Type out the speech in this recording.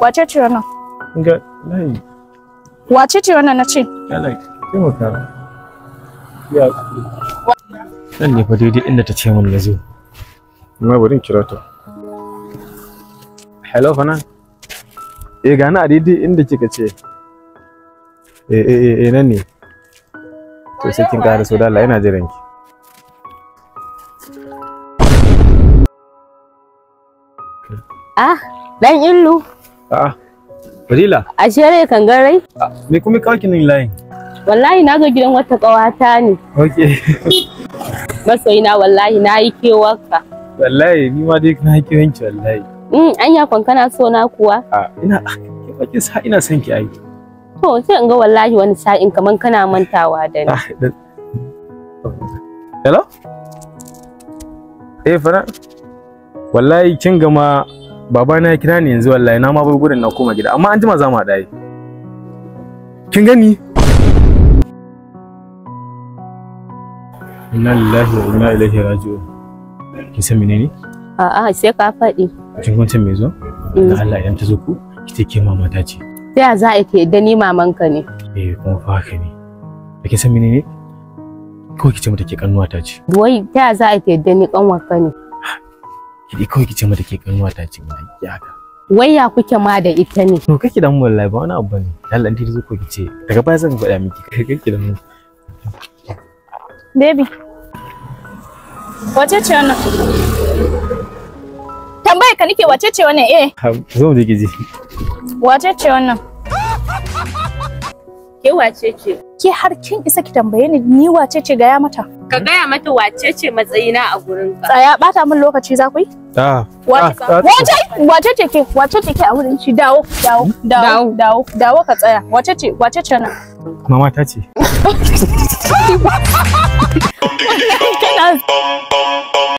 Wace ce wannan? Ga layi. Wace ce wannan na ce? Yala, taimaka. Ya. Nan ne fa daidai inda ta ce min na zo. Amma bari in kira ta. Hello Fanan. Eh gani a daidai inda kika ce. Eh, eh eh eh nan ne. To sai kin ƙara so da Allah ina jiran ki. Ah, dan illu. Ah, Fadila. A shere kangarai. Ah, me kuma kawo kinin layin? Wallahi na zo gidan wata kawata ne. Okay. Masoyina wallahi na yi kewarka. Wallahi ni ma dai na yi kewanki wallahi. Mm, anya kwan so na kuwa? A ah, ina ah, ke sa ina son ki ai. To sai in ga wallahi wani sa'in kaman kana mantawa da ni. Hello? Eh fara. Wallahi kin gama babana ya kira ni yanzu wallahi na ma bar gurin na koma gida amma an jima za mu haɗa kin gani inna lillahi wa inna ilaihi raji'un ki san menene a'a sai ka faɗi kin kunta me zo da Allah idan ta zo ku ki take mama ta ce sai a za a ke da ni mamanka ne eh kuma fa haka ne ki san menene ko ki ce mata ke kannuwa ta ce wai ta za a ke da ni ka ne ki kawai ki ce mata ke kanuwa ta ce mana ki haka wai ya kuke ma da ita ne to kake dan wallahi ba wani abu bane Allah ta zo ko ki ce daga baya zan faɗa miki kai kake dan. mu baby wace ce wannan Tambaye ka nike wace ce wannan eh zo mu je ki wace ce wannan Ke wace ce? Ke har kin isa ki tambaye ni ni wace ce gaya mata? Ka gaya mata wace ce matsayina a gurin ka. Tsaya bata min lokaci za ku yi? Wace wace ce ke? Wace ce ke a wurin ci? Dawo, dawo, dawo, dawo, dawo ka tsaya. Wace ce? Wace ce na? Mama ta ce.